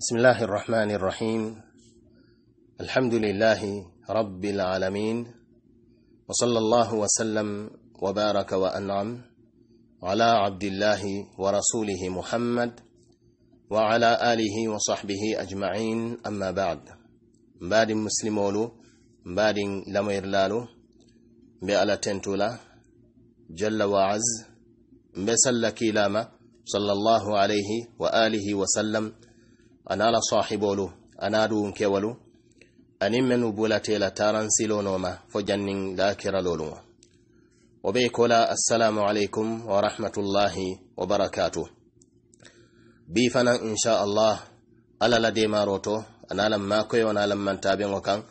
بسم الله الرحمن الرحيم الحمد لله رب العالمين وصلى الله وسلم وبارك وأنعم على عبد الله ورسوله محمد وعلى آله وصحبه أجمعين أما بعد بعد مسلمولو بعد لم يرلالو بألا تنتولا جل وعز بسلك لاما صلى الله عليه وآله وسلم anala sahibolu ana duun kewolu aniŋ mennu taran silo noma fo janniŋ lakiralolu ŋo assalamu alaikum wa rahmatullahi wa barakatu bi fana insha allah ala la demaroto analam makoy lan makoyo ana lan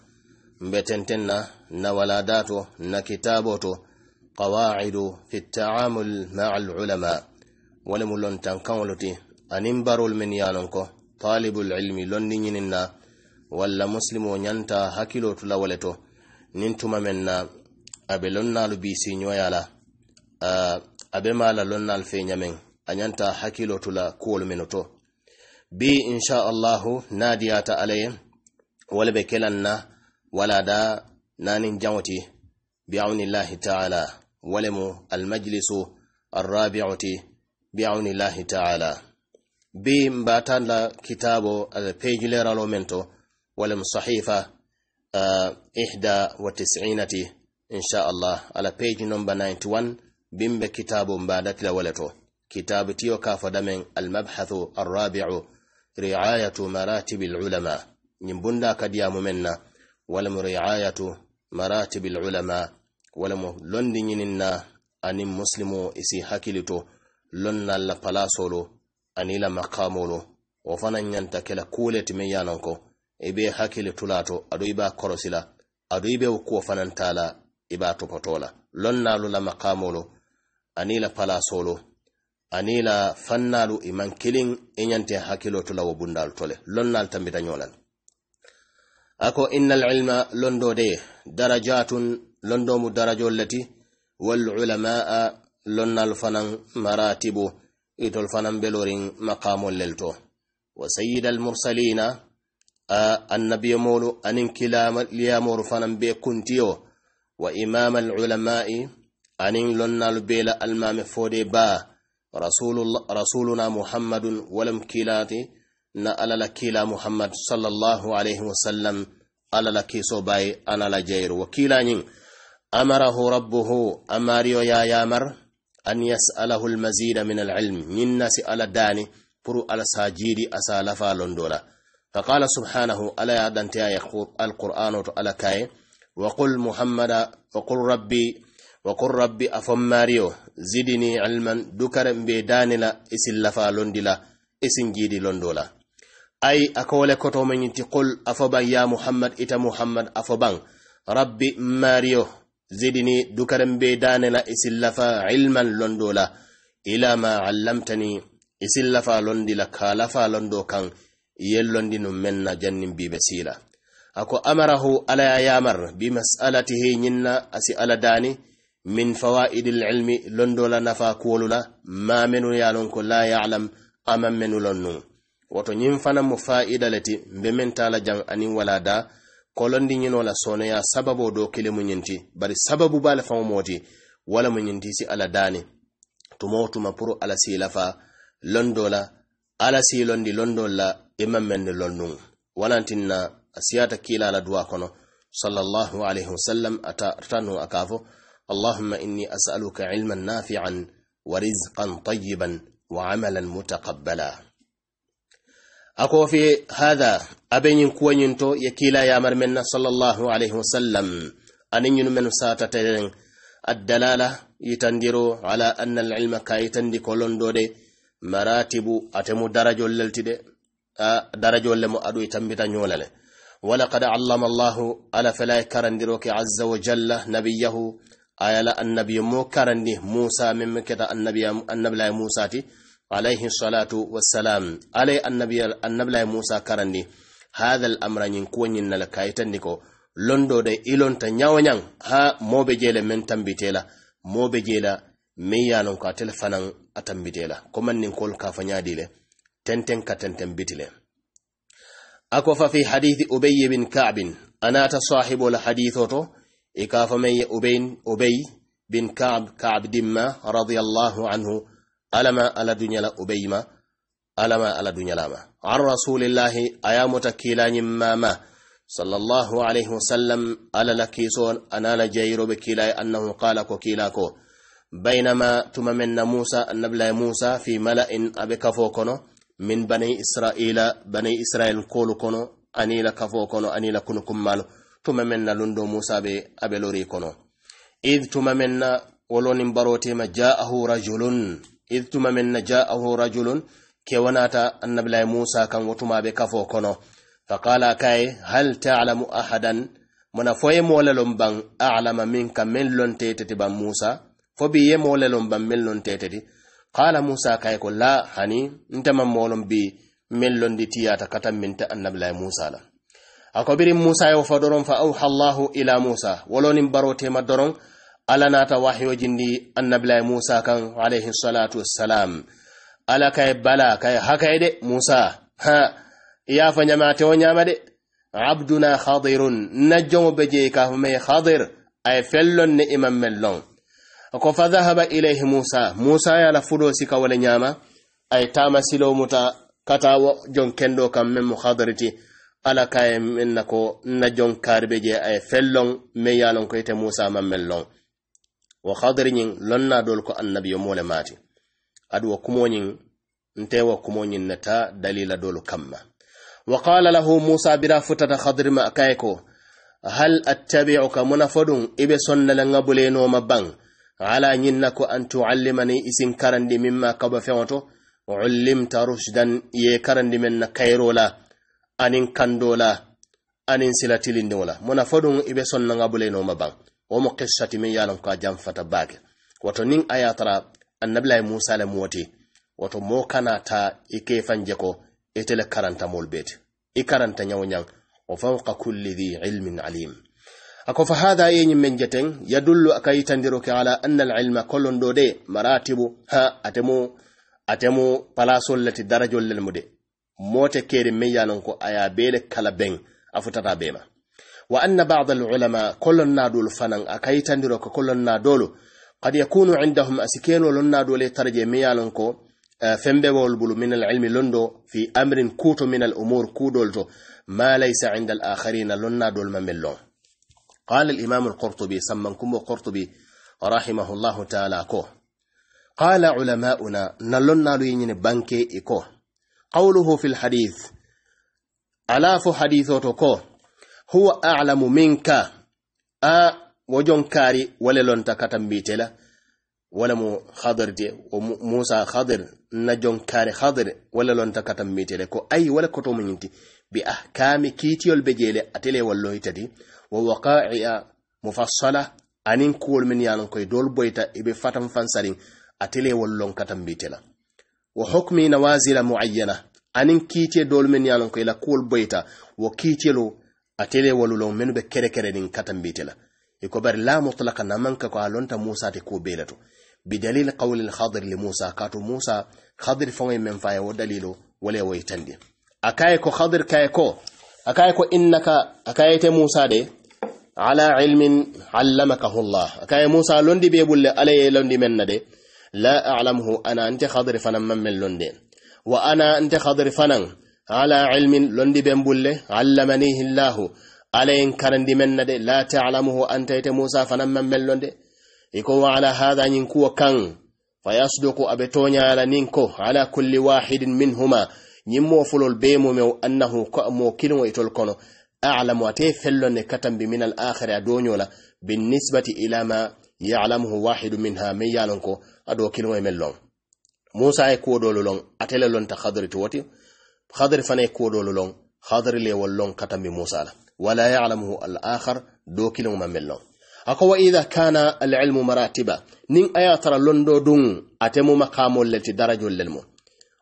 mbetentenna na waladato na kitaboto qawaidu fi taamul ma'al ulama wolemu lontankaŋolu ti aniŋ talibul ilmi londi ñinin na walla muslimo ñanta hakkilo tula wole to nin tuma men na abe lonnalu bisi ñoyala abe mala lonnal fe ñamen a ñanta hakkilo tula kuwolu meno to bi allahu nadiyata alaye wala be kelan na wala da nanin jawti biaunillahi taala walemu almajlisu arrabiuti biaunillahi taala bi be la kitabo ala eh, page leralo mento wala sahifa uh, ihda wa tisiinati insha Allah ala page number 91 bimbe kitabu mbadatila waleto kitabu tiyo kafa damen almabhathu arrabi'u ri'ayatu maratibi ulama nyimbunda kadia mumenna wala ri'ayatu maratibi ulama wala mlondi nyinina nyininna muslimu isi hakilito lonna la palasolo anila makamolu wo fanaŋ ɲanta kela kuole ti meŋ yanoŋ ko i be hakkili tulato aduŋ i be a korosi la aduŋ i be wo kuwo fanaŋ ta la i be a topoto la loŋ naalu la makamolu aniŋ i la palasolu aniŋ i la fannaalu i maŋ kiliŋ i ɲanteŋ hakkilo tu la wo bundaalu to le loŋ naalu tambita ɲo la le a ko innal ilma londo de darajatun londo mu darajolu le ti wal ulamaa loŋ naalu fanaŋ maratibu itol fanan belorin makamol lel wa sayyida mursalina a annabiyomolu anin kilamolu fanan be kuntiyo wa imama ulama'i anin lonnalu bela almame fode ba rasuluna muhammadun walam kilati na alala kila muhammad sallallahu alaihi wasallam alala kiso bayi anala jayir wa kilañin amarahu rabbuhu amariyo an yas'alahu almazida min al-ilm min nasi ala daani furu ala sajiri asa lafa londola fa qala subhanahu ala ya danteya ye alqur'ano to ala kaye wa qul muhammada wa qul rabbi wa qul rabbi afon mario zidini ilman dukare mbe danila isin lafa londila isin gidi londola ay akowole kotomeñinti qul afo ban ya muhammad ita muhammad afaban ban rabbi mario zidini dukaran be dane la isillafa ilman londo la ila ma allamtani isillafa londi la kalafa londo kan yellondi nun men na jannin bibe sila ako amarahu ala ya yamar bi mas'alatihi nyinna asi ala dani min fawaidil ilmi londo la nafa kuwolula ma menu yalon ko la ya'lam aman menu lonnu woto nyin fana mu fa'ida leti mbe mentala jang anin wala da kolondi ñino la sonoya sababo do mu ñinti bari sababu bala faŋo moti wala mu ñinti si ala dani tumo tuma pour ala si lafa londo ala si londi londola la imam men londun wala na a kila la duwa kono sallallahu alaihi wasallam ata tanu akafo allahumma inni as'aluka ilman nafi'an wa rizqan tayyiban wa amalan mutaqabbala a kofi hada abeñin kuwoñinto ya kila ya men na sallallahu alayhi wasallam anin ñinu men satateren addalala yitandiro ala anna alilma ka yitandi kolondo de maratibu atemu darajol lelti de a darajol le mo aɗu itambita ñolale walaqad allama allahu ala karandiro ki azza wa jalla nabiyahu ayala annabiyo mo karandi musa min keta annabiya annabila musa ti alaihi salatu wassalam annabi annabi musa karandi hadal l amra ñin kuwoñin niko londo ko ilonta nyawanyan ha mobe jeele men tambitela mobe jela min yanon ko atel fanan a tambitela komannin kol kafa tenten ka tenten bitile ako fa fi hadithi ubay bin kabin anata sahibol haditho to e kafa men mai ubay bin kab kab dimma radiyallahu anhu alama ala duñala o alama ala duñalama an rasulillahi aya yamuta kilañin mama sallallahu alaihi wasallam ala la kiison anala jeyiroɓe kilaye annahu qala ko kila bainama baynama tuma men na musa annabilaye musa fi mala'in aɓe kafo kono min bani israila bani israil kolu kono anila kafo kono anila kunu kummalo tuma men na lundo musa ɓe aɓe lori kono id tuma men na ma barotema ja'ahu rajulun idh tuma min na ja'ahu rajulun kewanata annabilayi musa kan be kafo kono faqala kai hal talamu ahadan muna foye ye ban alama min ka min lon teteti ban musa fo bi ye moole ban min lon teteti qala musa kai ko la hani ntama molon bi min londi tiyata katan minta annabilayi musa la akobirin musa yo doron fa auha llahu ila musa wolonin barotema doron Alanata nata wahyo jindi annabilaye musa kan alaihi salatu wassalam ala kai bala kai hakaye de musa ha yafa ñamate o de abduna hadirun na jomo be jeyi ka fo maye hadir aye fellon ne imam mellon ko fa ilayhi musa musa ye ala fuɗo sika wala ñama aye tama silo muta kata wo jon kendo kam men mu hadiriti ala kaye min na ko na jon je fellon me yalon ko ite musa man mellon wa hadiri lonna dol ko annabiyomo mole mati adu wo nte wa kumoñiŋ nata ta dalila dol kamma wa qala lahu musa bira futata hadiri ma kayko hal attabiuka munafadun ibe sonna le ŋa bulenoma baŋ ala ñiŋ na ko an tuallimani isin karandi mimma kaba fewoto ullimta rushdan ye karandi men na kayrola anin kandola kando la munafadun la ibe sonna ngabule no mabang wo mo kessati min yalon ko jam fata bage woto nin a ye a musa le moti wato woto kana ta i fanje ko ita le karanta mol bet i karanta nyaw nyaw o fawqa kulli dhi ilmin alim ako fa hada yen ñiŋ jeten yadullu a ka ke ala anna al ilma kullun dode maratibu ha atemu atemu pala le darajol lel mu de kere te ko a bele kala ben afutata bema wa anna ba'd al-ulama kullun nadul fanan akaitan diro ko kullun nadolo qad yakunu indahum asikelo lon nadole tarje miyalon ko eh, fembe wol bulu min al-ilmi londo fi amrin kuto min al-umur kudolto ma laysa inda al-akharin lon nadol mamello qala al-imam al-qurtubi sammankum qurtubi rahimahullahu ta'ala ko qala ulama'una nalon nadu yinyine banke iko e qawluhu fil hadith alafu hadithoto ko huwa a'lamu minka a wajon kari wale lonta katambitela wala mu khadir de o musa khadir na jon kare khadir wala lonta katambitele ko ay wala koto munyinti bi ahkami kitiyol bejele atele wallo itadi wa waqa'i'a mufassala anin kuwol min yanon koy dol boyta ibe fatam fansarin atele wallon katambitela wa hukmi nawazila muayyana anin kitiye dol min yanon koy la kuwol boyta wo kitiyelo atele walulon menu be kere kere nin katambite la e ko bari la mutlaqa na manka ko alonta musa te ko belato bi dalil qawli al khadir li musa katu musa khadir fo ngi men fayo dalilo wala way tandi akaye ko khadir kaye ko akaye ko innaka akaye te musa de ala ilmin allamakahu allah akaye musa londi be bulle alaye londi men de la a'lamuhu ana anta khadir fanan man men londe wa ana anta khadir fanan ala ilmin londi ben bulle allamanihi llahu alayen karandi menna de la talamuhu anta musa fanan man mellonde iko wa ala hadha nyin kuwa kan fayasduku abe toñala nin ko ala kulli wahidin minhuma mo fulol be mew annahu mo kilimo itol kono alamu ate katam bi min al akhir a bin binnisbati ila ma yalamuhu wahidu minha min yalon ko ado kilimo e musa e ko dololon atele ta hadori to hadari fana koɗolo lon hadari lewol lon katambi musala wala yalamuhu al akhar do kilimo mamel lon ako wa ida kana al ilmu maratiba nin aya tara londo dun atemu makamol lelti darajol lel mu.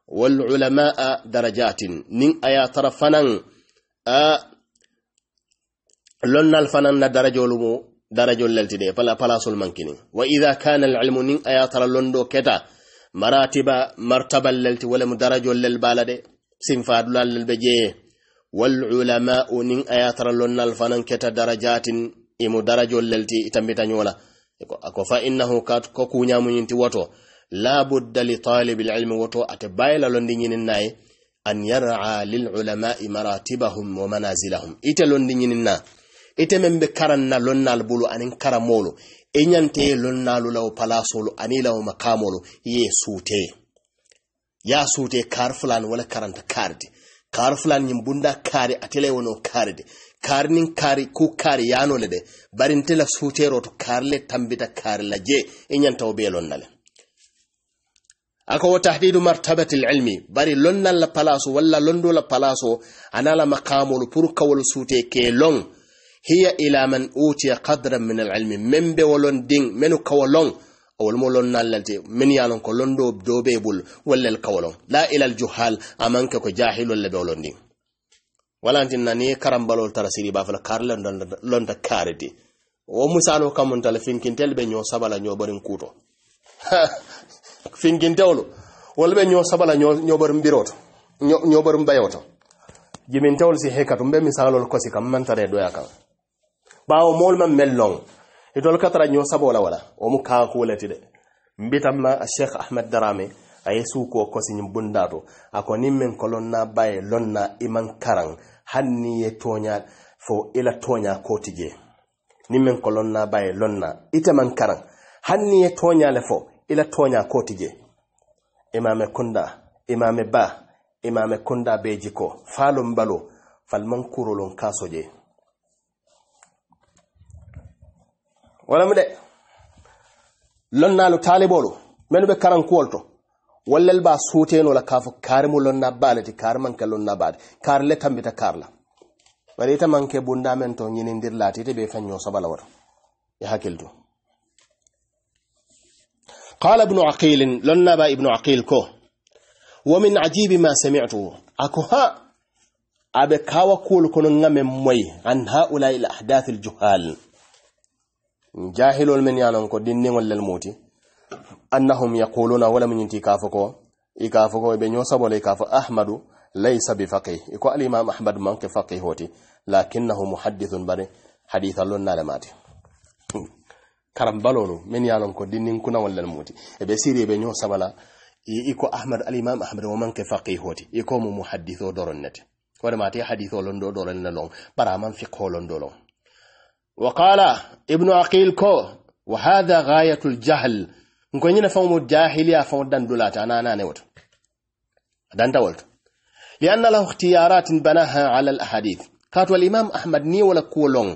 wal ulamaa darajatin nin aya tara fanan a lonnal fanan na darajolu mo darajol lelti de pala palasol mankini wa ida kana al ilmu nin aya tara londo keta maratiba martabal lelti wala mu darajol lel balade sinfaadulallel ɓe jeeye wal ulama'u nin a yatarallonnal fanan keta darajatin imu darajol lelti itambitañola ako fa innahu ko kuñamuñinti woto labudda li talibil ilmi woto ate baylalondi ñinin nayi an yar'a lil ulama'i maratibahum wa manazilahum ite londi ñinin na ite men ɓe karanna lonnal bulu anin karamolu e ñante lonnalu law palasolu ani law makamolu ye suuteye ya suute kar fulan wala karanta kaarde kar fulan yin bunda kaari atele wono kaaride kaari nin ko kare ya yanole de bari ntela suutero to kaarle tambita kaari la je e ñantawo be lonnale ako wo tahdidu martabati ilmi bari lonnal la palaso walla londola palaso anala makamolu pur kawol suute ke long hiya ila man utiya qadran min alilmi men be wolon din menu kawo long mo lon nallante min lon ko londo dobe bul wallal kawlon la ila al juhal amanka ko jahilol le londi. walantin nani karam balol tarasiri ba fala kar londa kariti wo musalo finkin tel be ño sabala kuto Finkin tawlo wolu be ño sabala ñoɓorin mbiroto ñoɓorin bayoto tawlo si hekatum be misalol kosi kam mantare doya kan Bawo mol man mellon itol katara sabo la wala wo mu kankuleti de mbitam na cheikh ahmed darame a ye suuko kosiñin bundato a ko nin min ko lonna baye lonna iman karan hanni ye tonya fo ila toña kotije nin min ko lonna baye lonna man karan hanni ye le fo ila toña kotije imame kunda imame ba imame kunda be jiko falum balo falman kurolon kaso je wala de lonnalu talibolu men be karan kuwolto wallel ba suteno la kafo karmu lonna balati kar manke lonna bad kar le tambita karla bari ita manke bunda men to nyindir lati te be fanyo sabala wata ya hakiltu قال ابن عقيل لنا با ابن عقيل كو ومن عجيب ما سمعته اكوها ابي كاوا كول كون نغم موي عن هؤلاء الاحداث الجهال jahilol men yanon ko dinniŋol lel moti annahum yaquluna wala min yinti kafo ko i kafo ko be ñosabo le kafo ahmadu laysa bi faqih iko alimam ahmad ke faqih hoti lakinnahu muhaddithun bare haditha lon nale mati hmm. karambalolu men yanon ko nin kuna wallal muti e be siri be ñosabo sabala iko ahmad alimam ahmad man ke faqih hoti iko mu muhadditho doron nete wala mati haditho lon do doron na long bara man fiqho lon do وقال ابن عقيل كو وهذا غاية الجهل نكون هنا فهم الجاهلية فهم دندولات أنا أنا نوت دانتولت لأن له اختيارات بناها على الأحاديث كاتو الإمام أحمد ني ولا كولون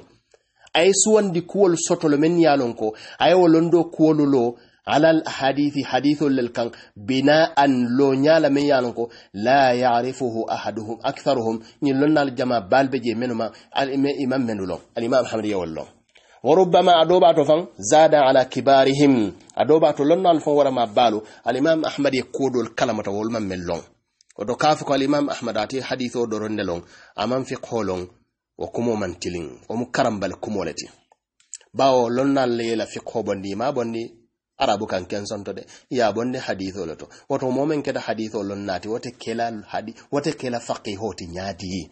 أي سوان دي كول سوتو لمن يالونكو أي ولندو كولو لو alal hadithi hadithul lil kan bina an lo nyala min yalan ko la ya'rifuhu ahaduhum aktharuhum ni lonnal jama balbe menuma al imam imam menulo al imam hamd ya wallo wa rubbama to fang zada ala kibarihim adoba to lonnal fo wara ma balu al imam ahmad ya kodol kalamata wol man melong o do kafu ko al ahmad ati hadithu do rondelong amam fi kholong wa kumo man tiling o mukaram bal kumolati bawo lonnal leela fi kobondi ma bondi arabu kan ken sontode yaɓonde haditholo to woto momen keta haditholon naati wote kela hadi wote kela faqihoti ñaatiyi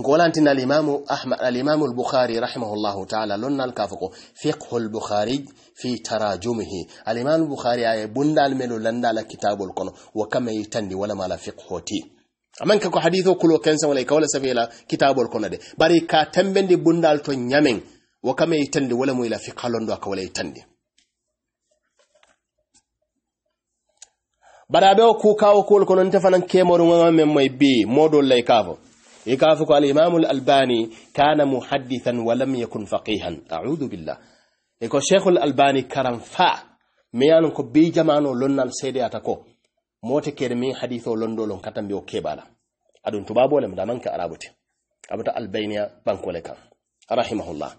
ngolantin alimamu ahmad alimamu albukhari rahimahullahu taala lonnal ka fo ko fiqhu albukhari fi tarajumihi alimamu Bukhari aye bundal melo landala kitabol kono wo kame yitandi walamala fiqhoti aman ka ko haditho kulo kensa wala kawla sabila kitabol kono de bari ka tambendi bundal to nyamen wo kame yitandi wala mo ila fiqhalon do ka wala yitandi bara be ku kawo ko kono ta fanan kemoru ngam men moy bi modol lay kafo e kafo ko al imam al albani kana muhaddithan walam ya yakun faqihan a'udhu billah e ko al albani karam fa me yan ko be jamano lonnal sede ata ko mote kede min haditho londolon katambe o kebala adun tubabo le mdamanka arabuti abuta albania albaniya kan rahimahullah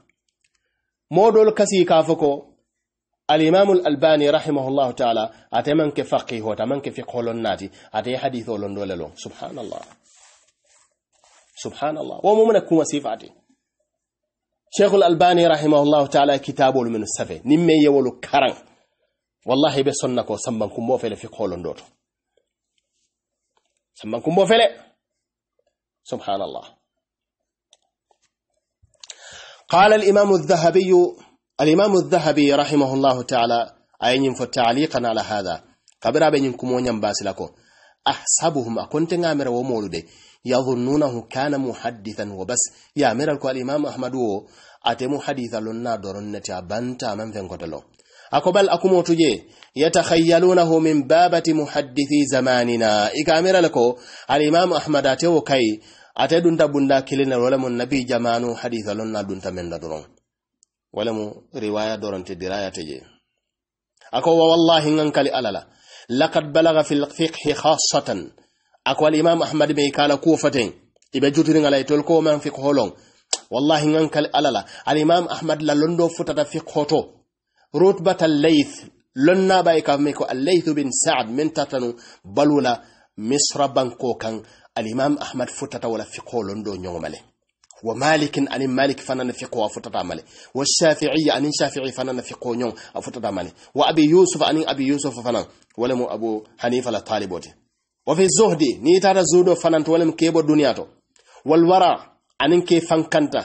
modol kasi kafo ko الإمام الألباني رحمه الله تعالى أتمن كفقه هو أتمن كفقه لناتي أتي حديث لندول سبحان الله سبحان الله ومؤمن كما صفاتي شيخ الألباني رحمه الله تعالى كتابه من السفه نمي يولو كرن والله بسنك سمبن كم بوفل فقه لندول سمبن كم بوفل سبحان الله قال الإمام الذهبي alimamu Zahabi rahimahullahu taala ayeñin fo taaliqan ala hada kabira be ñin kumo ñam basila ko ahsabuhum akonte ngamira wo molude yadhunnunahu kana muhaddithan wa bas yamiral ko alimamu ahmadu wo Ate haditha lonna doron neti ta banta man fen kotelo ako akumotu je yatakhayyalunahu min babati muhaddithi zamanina ikamiral lako alimamu ahmad wo kai ate dunta bunda kilina wala mun nabi jamanu haditha lonna dunta men da doron walamu riwaya doronte diraya teje ako wa wallahi ngankali alala laqad balagha fil fiqhi khassatan ako al imam ahmad be kala kufaten ibe jutiri ngala tol ko man fiqh holon wallahi ngankali alala al imam ahmad la londo futata fiqh to rutbat al layth lonna bay ka me ko al layth bin sa'd min tatanu balula misra banko kan al imam ahmad futata wala fiqh londo nyomale ومالك عن مالك فنان فقه أفتتا مالي والشافعي عن شافعي فنان فقه نيون أفتتا مالي وأبي يوسف عن أبي يوسف فنان ولم أبو حنيفة لطالبوتي وفي الزهد نيتار زودو فنان ولم كيبو دنياتو والورع عن كيفان كانتا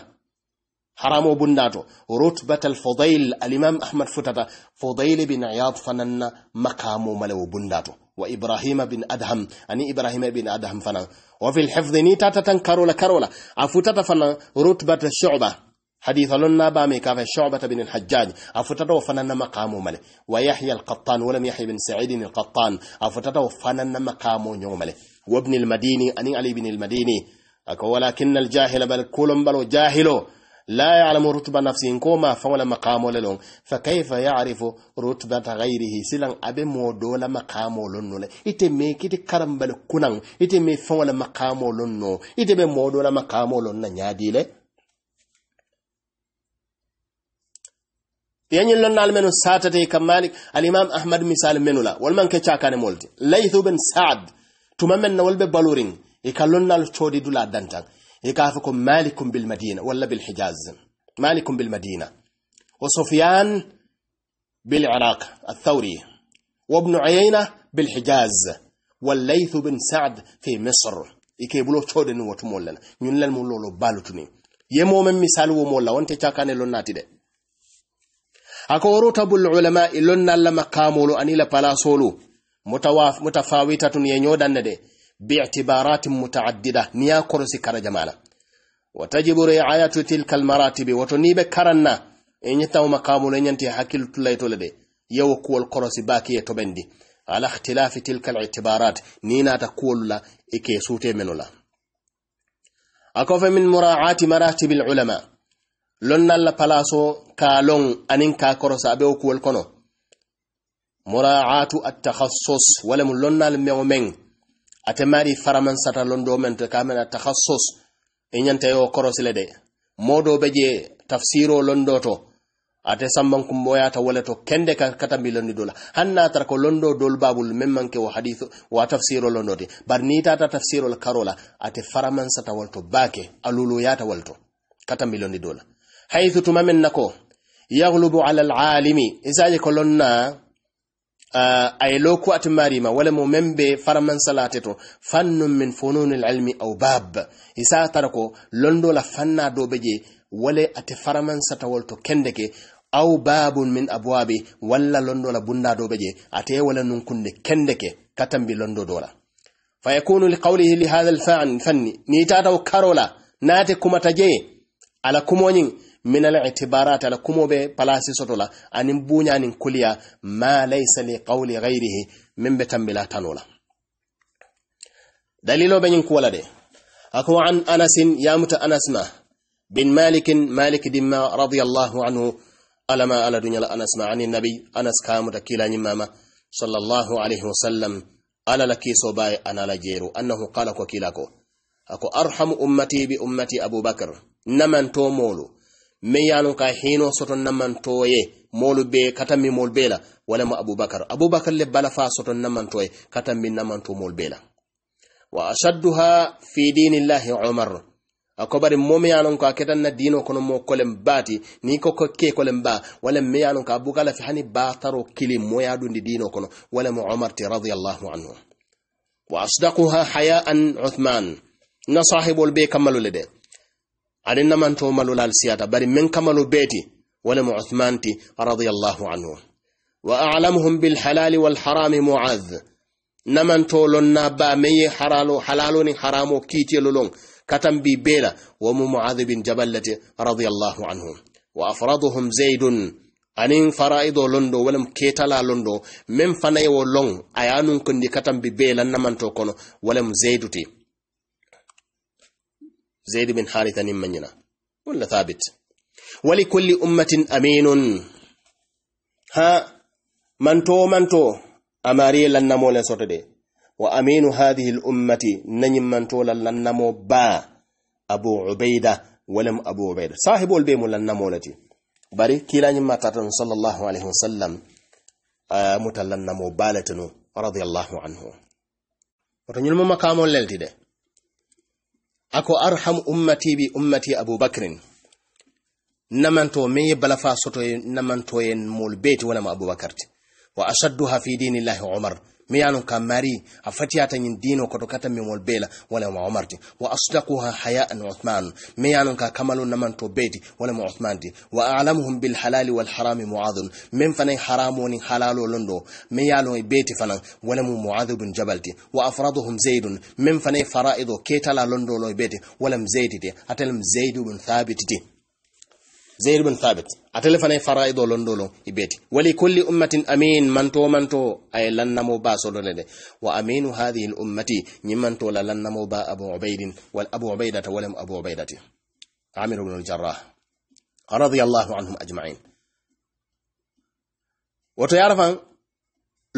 حرامو بنداجو رتبة الفضيل الإمام أحمد فتدا فضيل بن عياض فنن مقامو ملو بنداجو وإبراهيم بن أدهم أني إبراهيم بن أدهم فنن وفي الحفظ نيتا تتن كارولا كارولا أفتتا فنن رتبة الشعبة حديث لنا بامي كاف الشعبة بن الحجاج أفتتا وفنن مقامو ملي ويحيى القطان ولم يحيى بن سعيد القطان أفتتا وفنن مقامو نيوملي وابن المديني أني علي بن المديني ولكن الجاهل بل كولم بل جاهلو la ya'lamu rutba nafsin ko ma fa wala maqamo lon fa kayfa ya'rifu rutbata ghayrihi silan abe mo dola maqamo lon no ite me kiti karambal kunan ite me fa wala maqamo lon no ite mo dola maqamo lon na nyadile yañin lonnal menu satate kam malik alimam ahmad misal menula wolman ke cakane molti laythu ben saad tuma na wolɓe balorin e ka coodi dula dantan يكافكم مالك بالمدينة ولا بالحجاز مالك بالمدينة وصفيان بالعراق الثوري وابن عيينة بالحجاز والليث بن سعد في مصر يكيبلو تشودن وتمولن نين للمولو بالوتني يمو من مثال ومولا وانت تاكاني لناتي دي أكو رتب العلماء لنا لما كامولو أني لبلاسولو mutawaf mutafawita tun yenyodanne باعتبارات متعددة نيا كرسي كرا جمالا وتجب رعاية تلك المراتب وتنيب كرنا إن يتاو مقام لنينتي حكيل تولدي يو كو الكرسي باكي يتبندي على اختلاف تلك الاعتبارات نينا تقول لا إكي سوتي منولا أكوف من مراعاة مراتب العلماء لن الله بلاسو كالون أنين كاكرسا بيوكو الكنو مراعاة التخصص ولم لن المعمين ate mari faraman sata londo men to kamena takhassus e nyanta yo korosile de modo beje tafsiro londo to ate samban kumboyata wala to kende ka katambi londo dola hanna tar ko londo dol babul mem manke wa hadith wa tafsiro londo de bar ni ta tafsiro karola ate faraman sata walto bake alulu yata walto katambi londo dola haythu tumamen nako yaghlubu ala al alimi isaje kolonna a yi lo ku ati marima wale mu membe faraman salate to fannun min fununil ilmi au bab isa tarko londo la fanna do beje wala ati faraman satawol to kendeke au babun min abwabi walla londo la bunda do beje ate wala nun kunde kendeke katambi londo dola fa yakunu liqawlihi li hadha al fanni ni tataw karola nate kuma taje ala kumoñin min al-i'tibarat ala kumo be palasi soto la anin bunya nin kuliya ma laysa li qawli ghayrihi min be tambila tanola dalilo be nyin kuwala de ako an anas ya muta anas bin malik malik dimma radiyallahu anhu alama ala dunya anas ma anin nabi anas ka muta mama sallallahu alaihi wasallam ala lakiso bay anala jeru annahu qala ko kilako ako arhamu ummati bi ummati abubakar naman to molu men ye lon ka hino soto namanto ye molu be katammi mol be la walama abubakar abubakar le balafa soto namanto ye katammi namanto mol be la wa ashadduha fi dinillahi umar akobari momi yanon ko aketan na dino kono mo kolen bati ni ko ko ke kolen ba wala me yanon ka abuka la fi hani ba taro kili mo yadu ndi dino kono wala mu umar ti radiyallahu anhu wa asdaquha hayaan uthman na sahibul bay kamalu lede ani namanto malol al siyata bari min kamalo beeti walamo uthman ti radiyallahu anhu wa alamuhum bilhalali walharami moad namantolon na ba men ye haralo halalo nin haramo kiitelolon katan bi wa mu moad bin jabal lati anhu wa afraduhum zaidun anin fara'ido londo walam ketala londo min fanayewo lon ayanun kondi katan bi beela namanto kono walam zeyduti زيد بن حارثة نمنينا ولا ثابت ولكل أمة أمين ها من تو من تو أماري لن نمو لسوتدي وأمين هذه الأمة ننم من تو لن نمو با أبو عبيدة ولم أبو عبيدة صاحب البيم لن نمو لتي bari kilañin matatan sallallahu alaihi wasallam mutallan namo balatinu radiyallahu anhu oto ñun mo makamol lelti de ako arhamu ummati bi ummati abubakrin namanto min ye balafa soto ye namanto ye moolu beeti wo nama abubakarti wa ashadduha fi dinillahi umar mi kamari ka mari a fatiyata dino kato kata mimol bela wala ma omarti wa asdaquha haya'an uthman mi yalon ka kamalu namanto beyti wala ma uthman ti wa a'lamuhum bil halali wal harami mu'adh min fane haramu ni halalo londo mi yalon beyti fanan wala mu mu'adh bin jabal ti wa afraduhum zaidun min fane fara'idu ketala londo lo beyti mu mzaid ti atal mzaid bin thabit ti zayd bin thabit a fanay faraido lon dolo ibeti wali kulli ummatin amin manto manto ay lan namo ba so dole de wa aminu hadhihi al ummati nyimanto la lan namo ba abu ubaid wal abu ubaidata walam abu ubaidati amir ibn al jarrah radiyallahu anhum ajma'in woto yarafan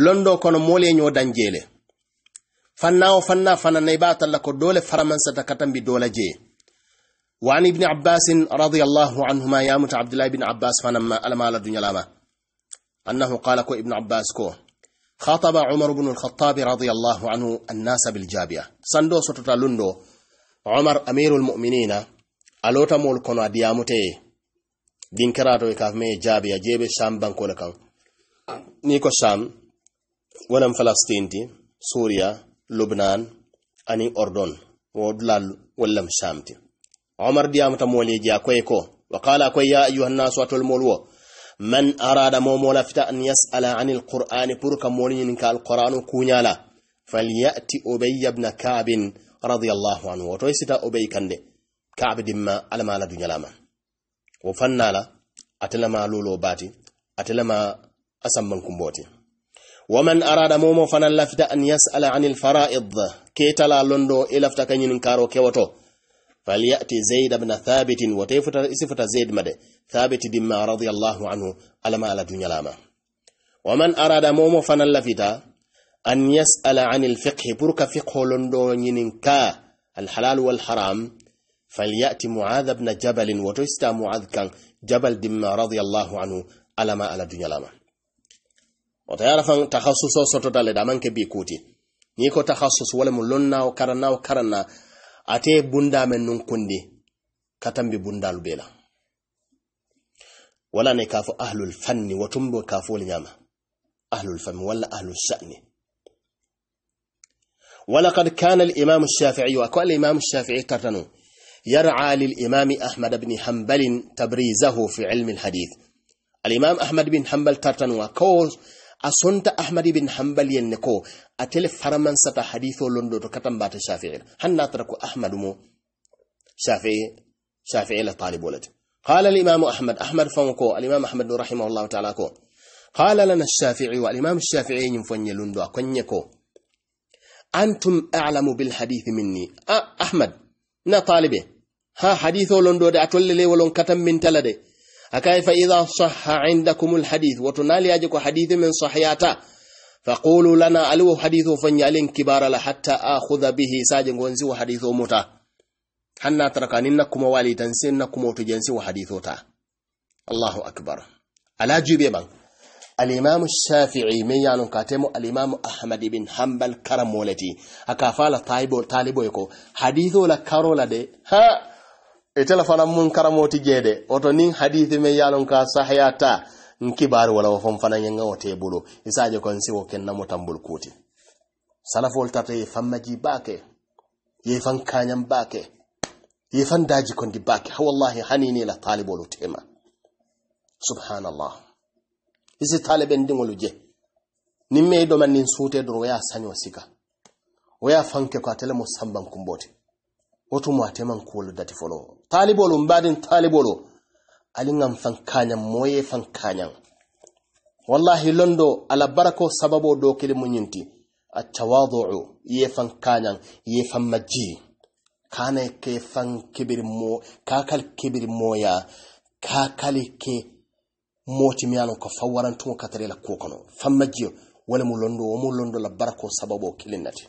londo kono mole nyo danjele fanna o fanna fanna nay ba talla ko dole faramansa ta bi dole je وعن ابن عباس رضي الله عنهما يا مت عبد الله بن عباس فنما المال الدنيا لما أنه قال كو ابن عباس كو خاطب عمر بن الخطاب رضي الله عنه الناس بالجابية سندو ستوتا لندو عمر أمير المؤمنين ألوتا مول كونو ديامتي دين كراتو يكاف مي جابية جيب الشام بانكو لكان نيكو الشام ولم فلسطين تي سوريا لبنان أني أردن ودلال ولم شام تي umar diyamata moleji akwai ko wa qala akoye ya ayuha nnasu atol mol wo man arada momola fita an yasala ani alqur'ani pour ka moliñin ka alqur'anu kuñala falyati obeya na kabin radiallahu anhu wotoy sita obey kande kabe dimma alamala duñalama wo fannala atelama lolo bati atelama asambankumbooti waman arada momo fanan lafita an yasala ani ke tala londo e lafta kañinin karo kewoto falyati zaid ibn thabit wa tayfuta isifata zaid made thabit dimma radiyallahu anhu alama ala dunyalama wa man arada momo fanan lafita an yas'ala anil fiqh burka fiqholon londo nyininka al halal wal haram falyati muadh ibn jabal wa taysta muadh kan jabal dimma radiyallahu anhu alama ala dunyalama wata yara fan takhassuso soto da manke bi kuti ni ko takhassus wala mulonna o karanna o karanna ate bunda men nun kundi katambi bundalu bela wala ne kafo ahlul fanni watumbo kafo nyama ahlul fanni wala ahlul sha'ni ولقد كان الإمام الشافعي وقال الإمام الشافعي ترتنو يرعى للإمام أحمد بن حنبل تبريزه في علم الحديث الإمام أحمد بن حنبل ترتنو وكوز a sonta Ahmad bin hanbal yenne ko a faramansata hadiso londo to katambata shafi'i hanna tara shafi'i shafi'i la talib walad ahmad ahmad fa ko al imam ahmad shafi'i wa al imam yin fanye londo akonye ko antum a'lamu bil hadith minni ah, ahmad na talibe ha hadiso londo de atolle le wolon katam min talade akai fa idha sahha indakum alhadith wa tunali aje ko hadithi min sahiyata faqulu lana alwa hadithu fanyalin kibara la hatta akhudha bihi saje ngonzi wa hadithu muta hanna na kuma walitan na kuma to jensi wa hadithu ta Allahu akbar ala jibe ban al-imam shafi'i min yanun katemu al-imam ahmad ibn hanbal karamolati aka fala taibo talibo yako hadithu la karola de ha E itela fana mun karamoti jede oto nin hadithi me yalon ka sahya nkibar wala wofon fana yenga ote bulu isaje kon si siwo kenna motambul kuti salafol tata e famaji bake ye fan kanyam bake ye fan daji kon di bake ha wallahi hanini la talibul tema subhanallah isi taliben dingolu je ni me do man nin sute do ya sanyo sika o ya fanke ko atele mo samban kumbote wotu mo ateman kuwolu dati folo talibolu mbaadin talibolu aliŋan fankañan moye fankañan wallahi londo ala barako sababo do kili muñinti attawadu ye fankañan ye fanmajji kana ke fan kibir mo kakal kibir moya kakali ke motimiyano ko fawarantumo katarela kuo kono fanmajjiyo wala mu londo wo mu londo la barako sababo kilinnati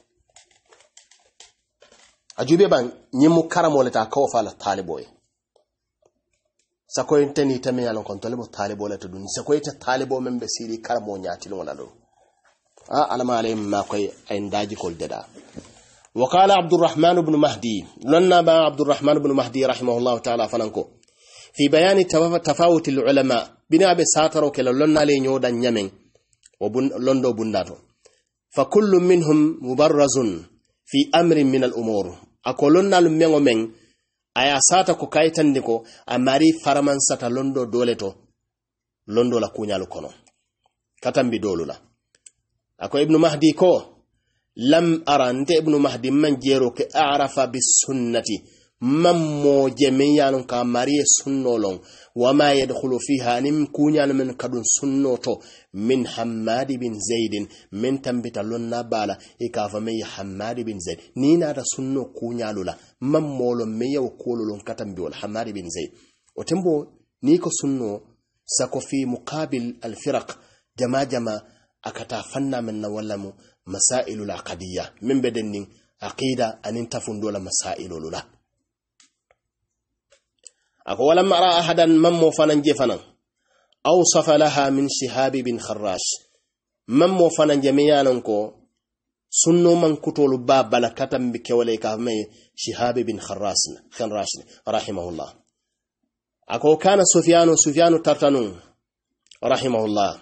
ajube ban nyimu karamo le ta kofa la taliboy ye teni teme yalon kon tolebo talibo le tudun dun sakoyete talibo men be siri karamo ñatilon la ɗon a alama alay ma ay ndaji dajikol deda wa qala abdurrahman ibn mahdi lanna ba abdurrahman ibn mahdi rahimahullahu taala falanko ko fi bayani tafawuti lulama bina be sataro kela lonnale ñoɗan ñamen o londo bundato fa kullu minhum mubarrazun fi amrin min al umur a kolonnaalu meŋo meŋ a ye saata ko kayitandi ko a mari faraman sata londo dole to londo la kuñalu kono katambi dolu la a ko ibnu mahdi ko lam ara nte ibnu mahdi man jero ke arafa bis sunnati moo je min ye ka mari ye sunno wama yadkhulu fiha anin kuñal min kadun sunnoto min hammadi bin zaidin min tambita lonna bala i kafa yi hammadi bin zaid ni na da sunno kunyalula. man molo me yaw kololon katambiwol hammadi bin zaid o ni ka sunno sako fi muqabil firaq jama jama akata fanna min na wallamu masailul aqadiyya min beden aqida anin tafundola masailolula أكو ولما رأى أحدا ممو فنن جفنن أوصف لها من شهاب بن خراش ممو فنن جميعاً كو سنو من كتول باب بلا كتم بكولي كافمي شهاب بن خراشن خراش رحمه الله أكو كان سفيان سفيان ترتنو رحمه الله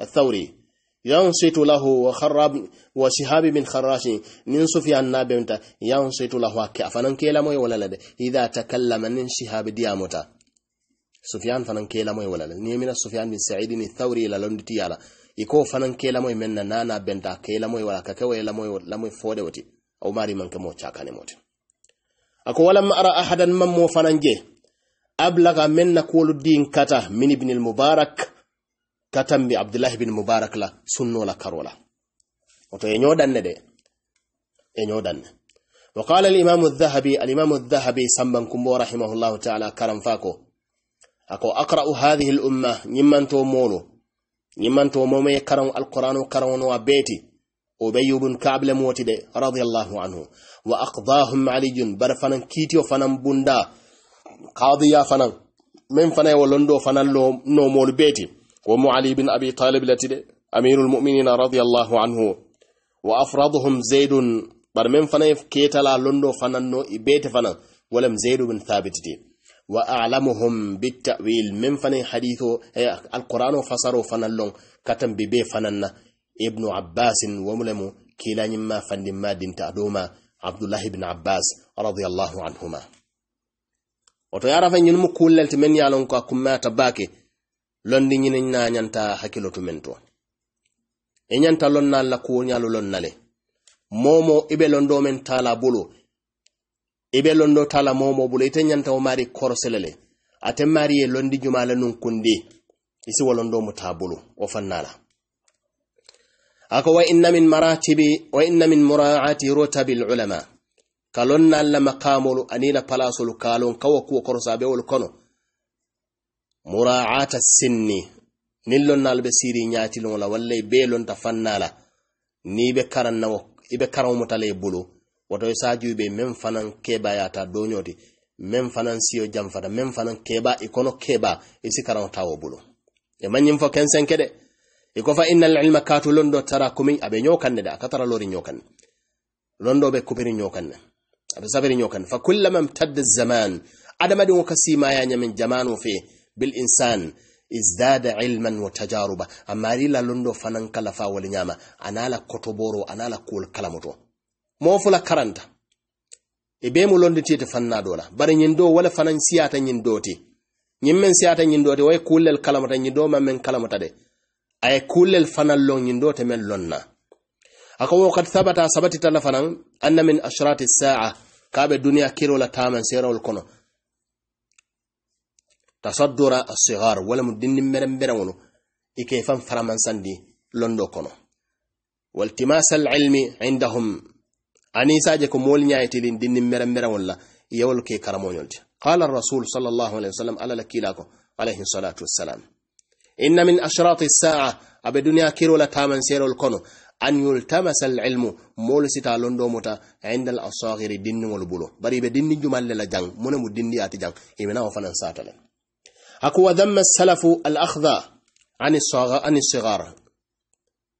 الثوري ينصت له وخرب وشهاب بن خراش ننصف يا النابمتا wala له فنن كيلمو ولد إذا تكلم من شهاب ديامتا سفيان فنن كيلمو ولد ني من سفيان بن سعيد الثوري إلى لندن تيالا iko fanan ke lamoy men na nana benta ke lamoy wala ka kawai lamoy lamoy fode wati o mari man kamo chaka moti ako wala ma ara ahadan mammo fanan je ablaga men na kata min ibn al mubarak katambi abdullahi bin mubarak la sunno la karola wato ya e nyodanne de ya e nyodanne wa qala al imam adh-dhahabi al imam adh-dhahabi samman kumbo rahimahullahu ta'ala karam fako ako aqra hadhihi al umma nyimman to molo nyimman to momoye karam al qur'anu karam wa beti ubay ibn ka'b lam de radiyallahu anhu wa aqdahum jun bar fanan wa fanan bunda qadiya fanan men fanay wolondo fanan lo no mol beti وام علي بن أبي طالب لتد أمير المؤمنين رضي الله عنه وأفرادهم زيد برمن فنا كيتلا لندو فننو إبيت فنا ولم زيد بن ثابت دي وأعلمهم بالتأويل من فنا حديثه القرآن فسروا فنلون كتم ببي فنن ابن عباس وملم كيلانما فندما دين تأدوما عبد الله بن عباس رضي الله عنهما وتعرف أن ينمو كل التمني على أنك أكما تباكي londi ñinin na ñanta hakkilotu men to i e ñanta lon na la kuwo ñalo lon nale momo ibe londo men tala bulu ibe londo tala momo bulu ite ñanta wo mari korselele ate mari ye londi jumale nun kundi isi wo londo mu ta bulu wo fannala ako wa inna min maratibi wa inna min muraati rotabi l ulama ka lon na la makamolu anila palasolu kalon kawo kuwo korosa be wolu kono muraata sinni nin lonnaalo ɓe siri ñaatilola walla e bee lonta fannala ni ɓe karannawo ibe karamo motala e bulu woto e sajuu ɓe men fanan keba yata doñoti men fanan siyo jam fata men fanan keba ikono keba isi karamo tawo bulu e mañin fo kensenke de iko fa innal ilma katu londo tara kumi aɓe ñokanne de akatara lori ñokanne londo ɓe kupiri ñokanne aɓe sabiri ñokanne fa kullama mtadda zaman adamadi wo ka simayañamen jamanu fee bil insan izdada ilman wa tajaruba amma rila londo fanan kala fa wal nyama anala kotoboro anala kul kalamoto mo fula karanta e be mu londi tete fanna dola bare nyin do wala fanan siyata nyin doti nyin men siyata nyin doti way kulel kalamata nyin do men kalamata de ay kulel fanan lon nyin dote men lonna akawo kad thabata sabati tala fanan anna min ashrati saa kabe dunya kiro la taman sero kono tasaddura asigar wala mu dinni merem merem wono ike fan faraman sandi londo kono waltimasa alilmi indahum ani saje ko mool tilin dinni merem merem wala yewol ke karamoñolti qala rasul sallallahu alaihi wasallam ala la kila ko alayhi salatu wassalam inna min ashrati saa abe duniya kirola taman serol kono an yultamasa alilmu moolu sita londo muta inda dinni dinniŋolu bulo bari ibe dinni jumalle la jaŋ mu mu dindi ati jaŋ imena wo fanaŋ satalen ذم السلف الأخذ عن الصغار عن الصغار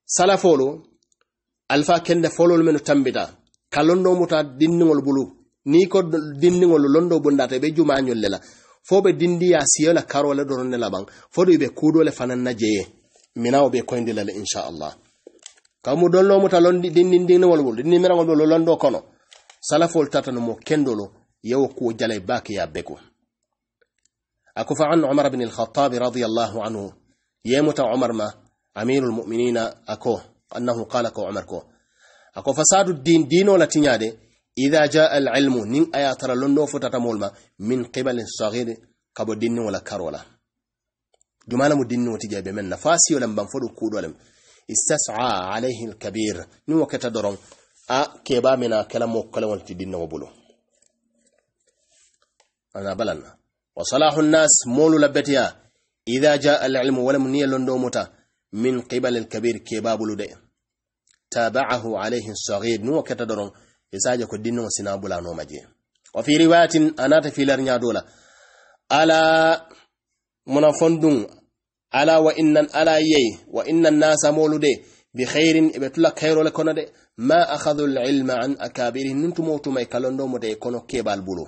سلفولو الفا كند فولو من تامبيتا كالوندو موتا دينغول بولو نيكو دينغول لوندو بندات بي جوما نيوللا فوب ديندي يا سيولا كارولا دورن لا بان فودو بي كودول فانان نجي مناو بي كويندلا ان شاء الله كامو دولو موتا لوندي دين دينغول بولو دين ميرغول بولو لوندو كونو سلفول تاتانو مو كندولو يو كو جالاي باكي يا بيكو ako fa an umar bin al-khattab radiyallahu anhu yemuta umar ma amirul mu'minina ako annahu qala ko umar ko ako fasadu din dino la tiñade idha jaa al-ilmu nin aya tara londo futata molma min qibalin saghir kabo dinni wala karola jumala mu dinni wati jabe men nafasi wala ban fodu kudolem istas'a alayhi al-kabir ni wakata doron a keba mina kala mo kala wonti dinna wo ana balanna wa nas molu labbetiya idha ja al-ilmu wala walamu niye londo muta min al kabir ke babulu de tabahu alayhi sagir nu wakata doron isaje ko dinno sinabula no je wa fi riwayatin anata larnya dola ala muna ala wa innan ala yey wa innan nasa molu de bi khairin ibatul khairu lakona de ma akhadhu al-ilma an nuntumutu nintumo kalondo mo de kono kebal bulu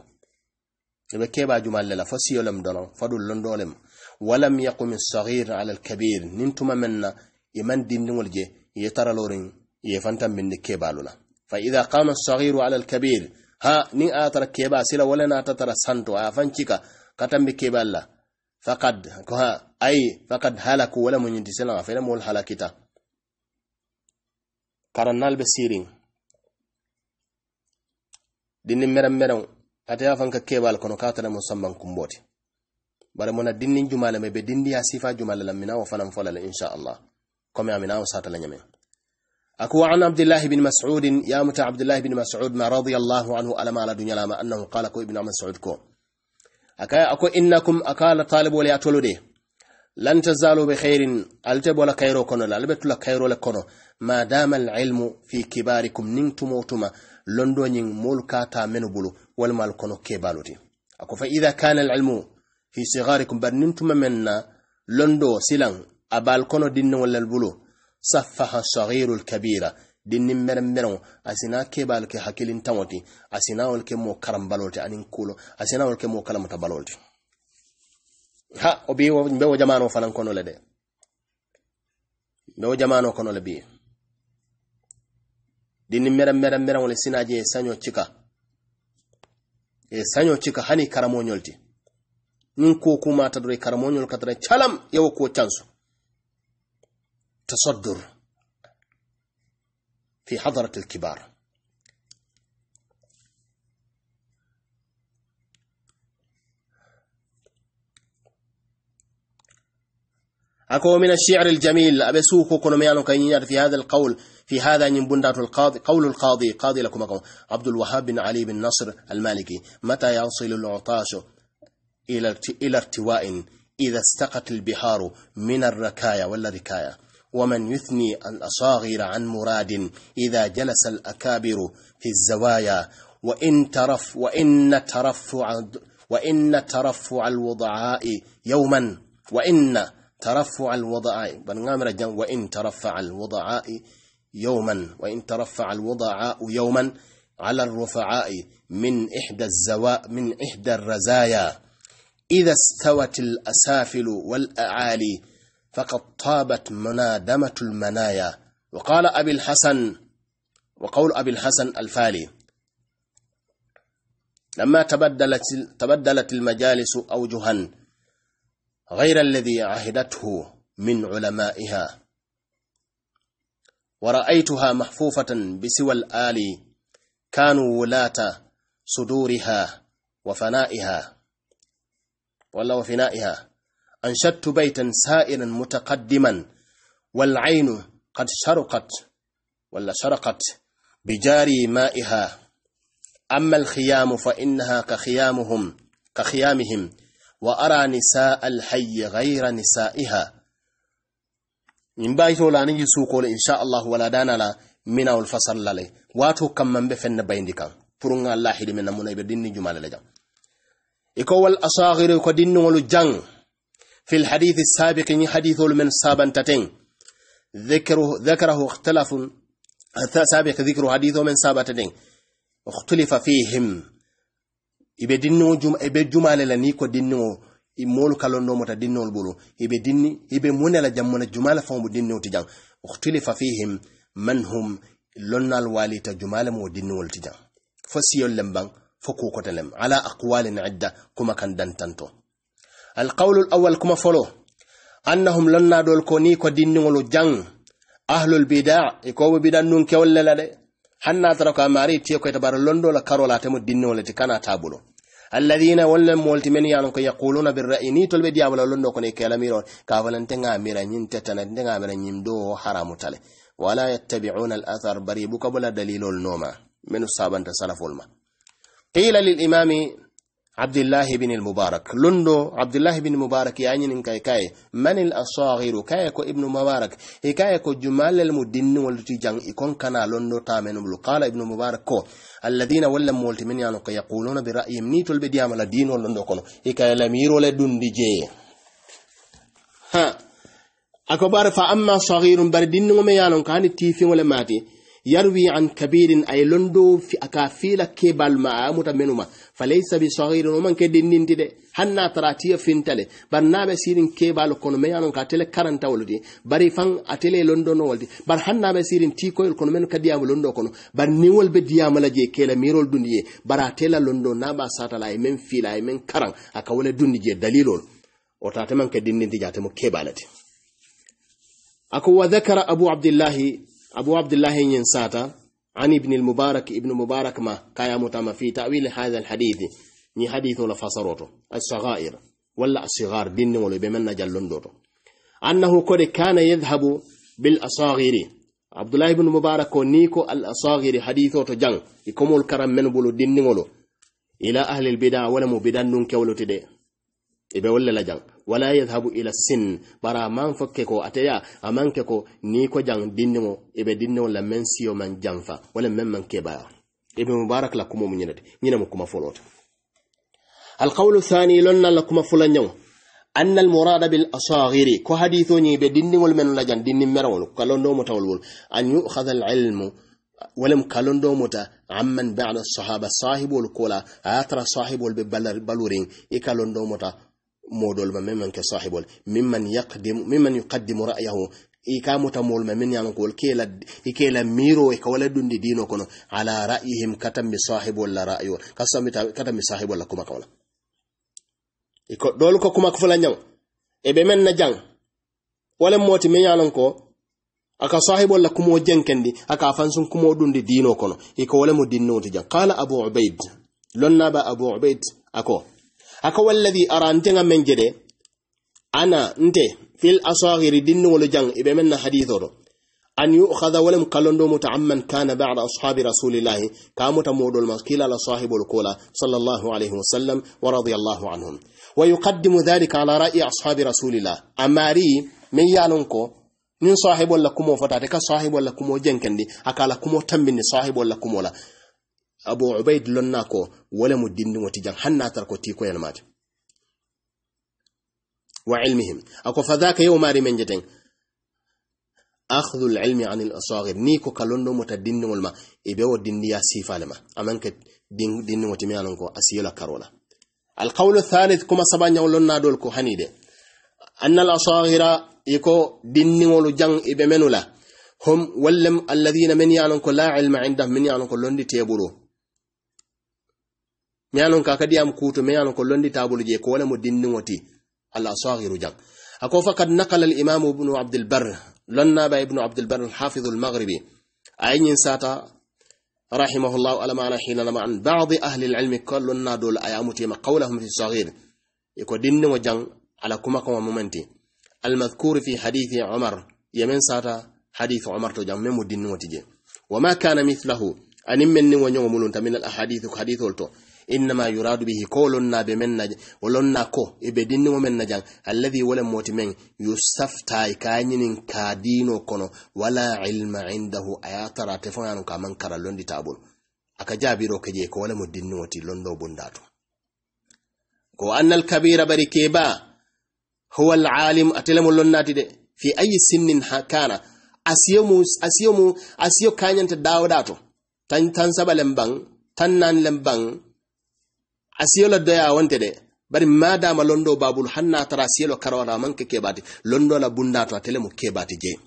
ɓe keɓa jumalle la fo siyolem donon fadul londolem walam yaqumi sagir ala alkabir nin tuma men na iman dindiŋol je ye taralorin ye fantan bindi kebalu la fa ida qama sagiru ala alkabir ha ni atara tara keba sila wala na ta tara santo a fan cika katambi kebal la fakad ko ha ay fakad halaku wala mun yindi sila fa mol halakita karan nalbe sirin dinin meram meren ta afan ka kebal kono ka tana musamman kumboti bare mona dinni jumala me be dinni ya sifa jumala lam mina wa fanan fala la insha Allah kome amina wa satala nyame aku wa an abdullah ibn mas'ud ya muta abdullah bin mas'ud ma radiyallahu anhu alama ala dunya lama annahu qala ku ibn mas'ud ko akaya ako innakum akala talibu wa yatulude lan tazalu bi khairin altabu la khairu kono la albatu la khairu la kono ma dama al ilmu fi kibarikum nintumutuma londo nyin mulkata menubulu a alkonoke baloti ako fa idha kana alilmu fi sigarikum bari nin na londo silan a bal kono dinne wallal bulo saffaha sagiru lkabira dinnin meren merenŋo asina kebal ke hakkilintaŋo ti asina wol ke mo kulo asina ke mo ha o bi mbe wo jamano fanan kono le de jamano kono le bi dinnin meren meren merenŋo sinaje cika e sanyo chika hani karamoñol ti nin ko kumata dore karamoñol katara calam yewo ko chansu tasaddur fi hadrat alkibar أكو من الشعر الجميل كنو كنميان كينيات في هذا القول في هذا ينبندات القاضي قول القاضي قاضي لكم أقوم عبد الوهاب بن علي بن نصر المالكي متى يصل العطاش إلى إلى ارتواء إذا استقت البحار من الركايا ولا ركايا ومن يثني الأصاغر عن مراد إذا جلس الأكابر في الزوايا وإن ترف وإن ترفع وإن ترفع الوضعاء يوما وإن ترفع الوضعاء وإن ترفع الوضعاء يوما وإن ترفع الوضعاء يوما على الرفعاء من إحدى الزواء من إحدى الرزايا إذا استوت الأسافل والأعالي فقد طابت منادمة المنايا وقال أبي الحسن وقول أبي الحسن الفالي لما تبدلت تبدلت المجالس أوجها غير الذي عهدته من علمائها ورأيتها محفوفة بسوى الآل كانوا ولاة صدورها وفنائها ولا وفنائها أنشدت بيتا سائرا متقدما والعين قد شرقت ولا شرقت بجاري مائها أما الخيام فإنها كخيامهم كخيامهم وأرى نساء الحي غير نسائها ñin bayitolani ji suukole inchallahu wala danala minawol fasallale wato kammanɓe fenne bayndi kan pour ga men namuna ɓe dinni jumale le jam iko wal asagiru ko dinniŋolu jang fi lhadithi sabiki ñin haditholu men sabantaten ذكره اختلف سابق ذكر حديثه من سابتين اختلف فيهم ibe dinno jum ibe jumale la ni moolu kalondomo ta dinniwol bulu ibe dinni ibe mune la jam mona jumala faŋo dinniwo ti jaŋ uhtilifa fihim man hum lonnal walita jumala mo dinniwol ti jaŋ fo siyol lem baŋ fo kukote lem ala aqwalin idda kuma kan dantanto alqawlul awal kuma folo annahum lonnaɗol ko ni ko dinniŋolu jaŋ ahlul bida ikoɓe bida nun kewol le la de hanna tara ko a mari tiye koyta bara londola karola temo dinniwo le ti kana tabulo alladina wonlen molti men yanon ko yaquluna birra'i ni tolɓe diyabala lonno kono e kelamiron ka falantenga mira ñin tetana ndenga mira ñim do haramu tale wala yattabi'una al athar bari buka bula dalilol noma menu sabanta salafol ma qila lil imami abdullahi bin mubarak londo abdullahi bin mubarak yañinin kay kaye manil asahiru kaye ko ibnu mubarak e kaye ko jang ikon kana londo tamenumlu qala ibnu mubarak ko alladina walla min yaquluna bi ra'yim ni kono e dundi ha fa amma bar dinnigo me an يروي عن كبير أي لندو في أكافيل كيبال ما متمنما فليس بصغير ومن كدين ننتي de. hanna taratiya fintale bar naɓe sirin kebalo kono me yanon ka tele karanta wolodi bari fan a tele londo no woldi bar hanna be sirin tikoyol kono men ka mu londo kono bar niwol be diyamala je kela mirol dundi Bar bara tela londo naɓa satala e men fiila e men karan aka wole dundi je dalilol o man ke dindinti jatemo kebalati ako wa dhakara abu abdillahi abu abdullahi yin sata an ibn mubarak ibn mubarak ma kaya mutama fi ta'wil hadha al ni hadithu la fasaroto as-saghair wala as-sighar dinni wala be men doto annahu kode kana yadhhabu bil asaghiri abdullahi ibn mubarak ko ni ko al-asaghiri hadithu to jang ikomol karam men bulu dinni wala ila ahli al-bid'a wala mu bidan nun kewlo tide ibe wala la jang wala yadhabu إلى sin bara man fokke ko ateya amanke ko ni ko jang dinno ebe dinno la men siyo man jamfa wala men man keba ibn mubarak la kumo munyinati nyina mo kuma folota القول الثاني لن لكم فلان يوم أن المراد بالأصاغر كحديثني بدين والمن لجن دين مرول كلون دوم تولول أن يؤخذ العلم ولم كلون دوم عمن بعد الصحابة صاحب الكولا أترى صاحب البلورين إكلون دوم modol ma memman ke sahibol mimman yaqdim mimman yuqaddimu ra'yahu ika muta ma min yan kol kela ikela miro e kawala dundi dino kono ala ra'yihim katam mi sahibol la ra'yo kasam katam mi sahibol la kuma kawla iko dol ko kuma kufala nyang e be men na jang wala moti min yanan ko aka sahibol la kumo jenkendi aka fansun kumo dundi dino kono iko wala mo dinno to jang qala abu ubaid lonna ba abu ubaid ako aka wallazi arantenga men jede ana nte fil asagiri dinniŋolu jaŋ jang ibe menna na do an yukhada walem kallondo muta amman kana bada ashabi rasulillahi ka muta modol maskila kilala sahibul kula sallallahu alayhi sallam wa radiyallahu anhum wa yuqaddimu dhalika ala rayi ashabi rasulillah amari min yanun ko min sahibul la kumo fotate ka sahibul kumo jenkendi akala kumo tambini sahibol la kumo la abu ubaid lonna ko wala mu dindi jan tijan ko tiko yan mate wa ilmihim ako fadhaka yau mari men jeten akhdhu ilmi an al ni ko kalondo mo ta dindi mo ma e be wo dindi ya sifalema amanka dindi mo timiyanon ko asiyala karola القول الثالث كما سبان يولنا دول كو هنيده أن الأصاغر يكو دين ولجان إبمنولا هم ولم الذين من la لا علم عندهم من يعنون لون تيبولو ñanon ka kadiyam kuuto me ñanon ko londi tabulu je ko wala mo dinniŋo ti ala sahiru jang ako fakad nakala alimamu ibnu abdilbar lonnaɓa ibnu abdilbar alhafidu almaghribi ayeñin sata rahimahullahu ala mana hinanama an badi ahli lilmi ko lonna dol ayamutema qawlahum fi sahir Iko dinniŋo jang ala kuma kama mumanti Almadkuri fi hadithi umar yemen sata hadith umar to jang men mo dinniŋo ti je wama kana mithlahu anin men niŋo ñoŋo mulunta min alahadithu hadithol to innama yuradu bihi ko lonnaɓe men o lonna ko eɓe dinnimo men na jang alladi wolen moti men yusafta kayinin ka dino kono wala ilma indahu ayatara tefoyano ka man kara londi tabol aka jabiro keje ko wolemo dinnimoti londo bundato ko anna alkabira bari keba huwa alalim atelemo lonnati de fi ayi sinnin kana asiyomu asiyomu asiyo kanyante dawdato tan tan sabalem bang tan nan lem bang a siyolo doya wonte de bari madama londo babul hanna tara siyolo karawala manke kebati londo la bunda to atele mu kebati je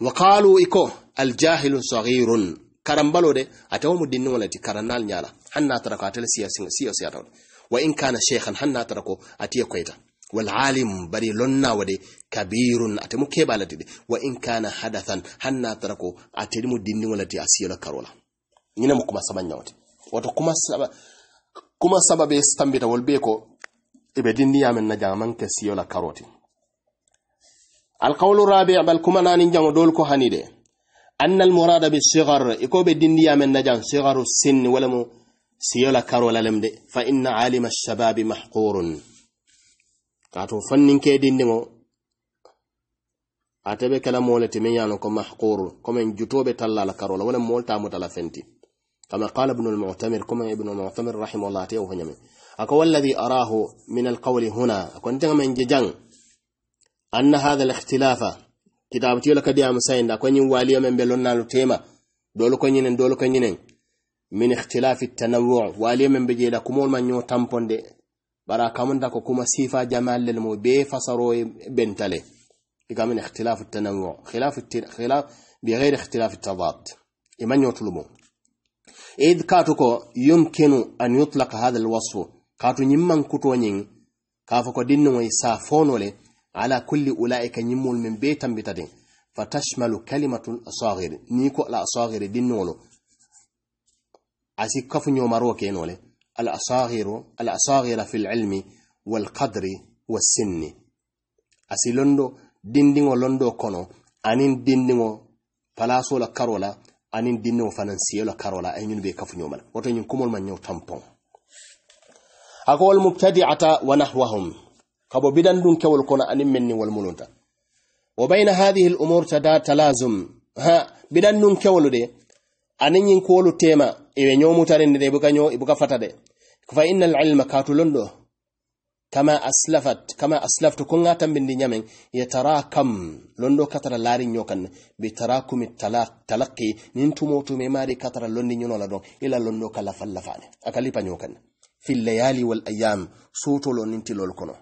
wa qalu iko al jahilun saghirun karambalo de atawo mu dinni wala ti karanal nyala hanna tara ka atele siya singa siya siya wa in kana shaykhan hanna tara ko atiye koyta wal alim bari lonna wade kabirun ate mu kebalati de wa in kana hadathan hanna tara ko atele mu dinni wala ti asiyolo karola nyina mu kuma saban wato kuma kuma sababe stambitawol be ko eɓe dinniyamen na jamanke siyola karoti alkawlu rabi bal kuma nani jango dol ko hani de anna almurada bisigar iko be ɓe dinniyamen na jan sigaru sinni walamo siyola karolalem de fa inna alima alshababi mahqurun kato fanninke dindigo atebe kala mole timen yano ko mahqur komin jutoɓe talla la karola wala moltamutala fenti كما قال ابن المعتمر كما ابن المعتمر رحمه الله تيو هنيم اكو الذي اراه من القول هنا كنت من ججان ان هذا الاختلاف كتابتي لك دي امسين دا كني والي من بلون نالو تيما دولو كني دولو من اختلاف التنوع والي من بجيدا دا كومول من نيو تامبوندي برا كامن دا كما سيفا جمال للمو بي فسرو بنتله من اختلاف التنوع خلاف التل... خلاف بغير اختلاف التضاد لمن يطلبون id katu ko yumkinu an yutlaqa hadha alwasfu katu nyimman kuto nyin kafa ko dinno way sa fonole ala kulli ulaika nyimul min be tambitade fatashmalu kalimatun asaghir ni ko la asaghir dinnolo asi kafu nyomaro kenole al asaghiru al asaghira fil ilmi wal qadri was sinni asi londo dindiŋo londo kono anin dindiŋo palaso la karo la ani anin fana fanan la karola ay ñun be kafuñomal woto ñun kumol ma ñew tampon ako wal mubtadi'ata wa nahwahum kabo bidan dun kewol kono ani menni wal mulunta wa bayna hadhihi al umur tada talazum ha bidan dun kewol de ani ñin kuwolu tema ewe ñomutaren de buka ño buka fata de fa innal ilma katulundo kama aslafat kama aslaftu kunga tambindi tara kam londo katara laari ño kan bi tarakumi talaqi nin tumo tume maari katara londi ñonola don ila londo ka lafal lafane aka lipa fi layali wal ayam suutolo nin tilol kono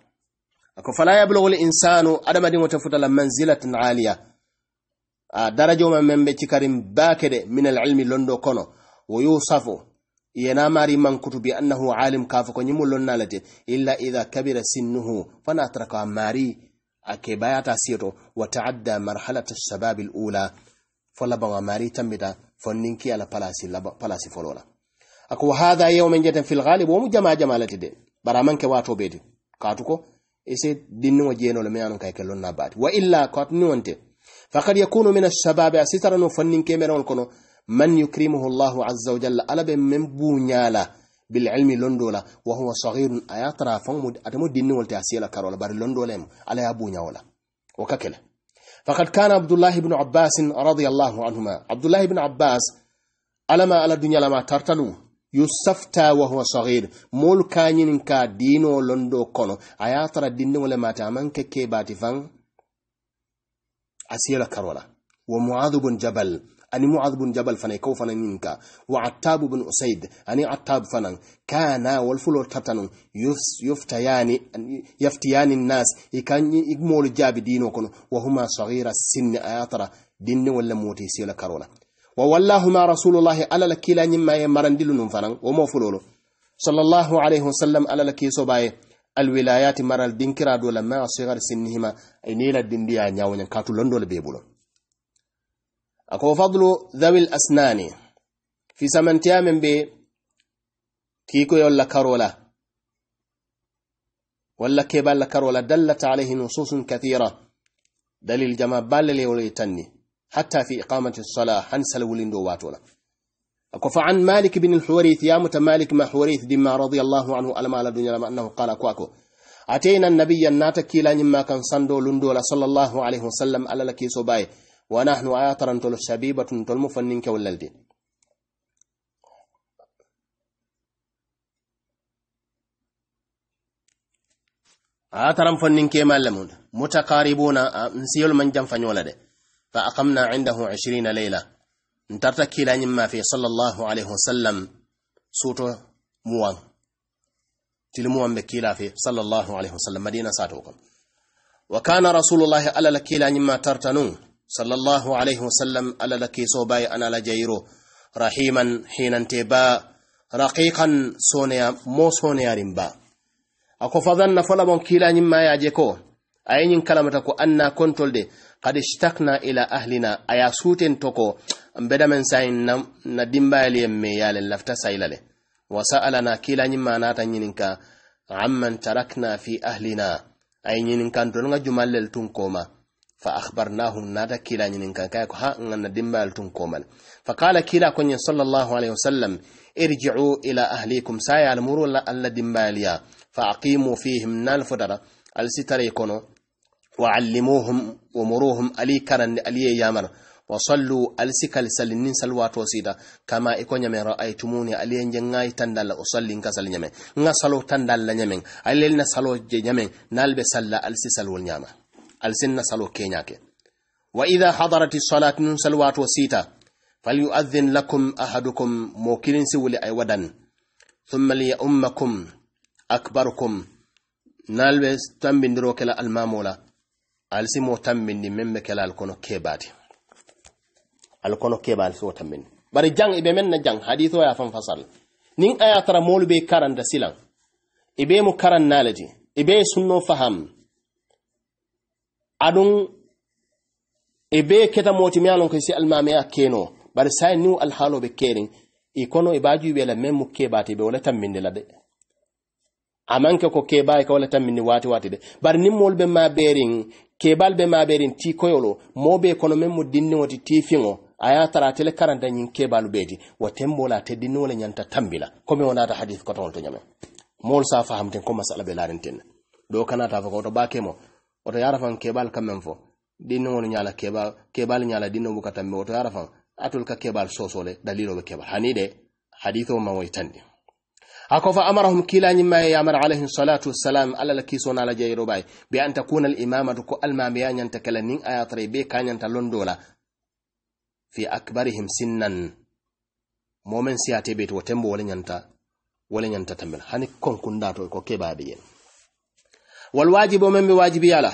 ako fala yablogo l insanu adamadiŋo te futala manzilatan aliya a darajoma men be cikarin baake de min al ilmi londo kono wo yusafu yana mari man kutubi annahu alim kafa ko nyimul lon nalate illa idha kabira sinnuhu fana taraka mari ake ta sito wa ta'adda marhalata shabab al-ula fola ba mari tambita fonninki ala palasi la palasi folola ako hadha yawmin jatan fil ghalib wa mujama jamalati de baraman ke wato bedi katuko ese dinno jeno le meanu kay kelon nabati wa illa katni wonte faqad yakunu min ash-shabab asitaranu no fonninki meron kono man yukrimuhu llahu azza wa ala be men buñala bil ilmi londola wa huwa sahirun a ye tara faŋo atamo dinniŋol te a siyela karola bari londola londolem ala ye buñawola wo ka kela fakad kana abdullahi bnu abbasin radiallahu anhuma abdullahi bnu abbas alama ala duñalama tartalu yusafta wa huwa sahir moolu ka ñinin ka diinoo londo kono a ye tara dinniŋo le mate a maŋ ke kebaati faŋ a siyela karola wa muadu bun jabal ani muad bun jabal fana kaw fana ñin ka wa attabu bun usayd ani attab fanan kana wal fulo tatanu yuftayani yaftiyani nas ikanyi igmol jabi dino kono wa huma saghira sinni ayatra dinni walla moti sila karola wa wallahuma rasulullahi ala la kila ñimma ye marandilu num fana wo mo fulolo sallallahu alayhi wasallam ala la baye alwilayati maral dinkira do la ma saghar sinnihima ay e nila dindiya nyawnya katu bebulo ako fadlu dhawi l asnani fi samantiyamen ɓe kiikoyol la karola walla keɓal la karola dallat alayhi nususun kathira dalil jama ballelewoloye tanni hatta fi iqamati sala wulindo salawulindo watola ako fa an malik bin bine ya yamuta malik ma huwarith dimma radiyallahu anhu alama ala duñalama annahu qala ko ako ateyna annabiya nata kiilañimma kan sando lundola sallallahu alaihi wa sallam alala so baye ونحن آترن تلو سبيبة تلو مفنن كوللدين آترن فنن كي لمون متقاربون آه، نسيول من جنف نولد فأقمنا عنده عشرين ليلة نترتكي لنما في صلى الله عليه وسلم سوتو موان تلموان بكيلا في صلى الله عليه وسلم مدينة ساتوكم وكان رسول الله ألا لكيلا نما ترتنون sallallahu alayhi wasallam ala la kiso bay ana la jayro rahiman hinante ba raqiqan soneya mo soneyarin ba ako kila folabon kilañin mayaje ko ayeñin kalamata ko anna de. kad ishtakna ila ahlina aya suten toko. ko mbedamen sayin na, na dimbayali yen me yalen lafta sayilale kila kilañin ma nata ñininka amman tarakna fi ahlina aye ñinin kantol nga jumallel tun koma fa akhbarnahum nada kila nyin kan kaya ko ha ganna dimbal tun komal fa qala kila koñen sallllahu sallallahu wa wasallam irjiu ila ahlikum saya muru la allah dimbayaliya fa aqimu fihim nal al alsitare kono wa allimuhum umuruhum ali karande aliye yamar wa sallu sikal salinin salwato sida kama iko nyame ra'aytumuni aliye ngai tandal usalli nka sal nyame ngasalo tandal nyame alel na salo je nyame nalbe salla sisal wal nyama alsinna sinna salo keñake wa ida hadarati salati nun salwato siita falyuaddin lakum ahadukum mo kilin si wuli ay wadan thumma li ummakum akbarukum nal be tambindiro kela almamo la mo tambindi memme kala alkono kebaati alkono keba so tambindi bari jang ibe menna jang haditho ya fan fasal nin aya tara molu karanta silan ibe mu karan nalaji ibe sunno faham aɗum e be ketamoti mi alon kasi almami a keno bare sai e niu alhalo be keri i kono e baji wela men mu kebati be wala tamminde la de amanke ko keba e ka wala tamminde wati wati de bare nim mol be ma berin kebal be ma berin ti koyolo mo be kono men mu dinni woti ti fingo aya tara tele karanta nyin kebalu beji wa tembola te dinni wala nyanta tambila ko mi wonata hadith ko tonto nyame mol sa fahamten ko masala be larenten do kanata fa ko to bakemo woto ye a fan keebaalu ka meŋ fo dinniŋolu ñaala keebaa kebal ñaala dinno buka tambe woto ye a fan atul ka kebal soosoo le daliloo be keebaalu hani de hadithoo maŋ wo tandi ako fa amarahum kiilañimmaye yamar alayhim salatu wassalam alla la kiisona la jeyroɓaye bi an takuna al imamatu ko almamiya ñanta kela nin ayatare be kañanta londola fi akbarihim sinnan momen siyate ɓeyto wo tembo wala ñanta wala ñanta tambel hani konkundato ko keɓaɓe yen والواجب من بواجب يالا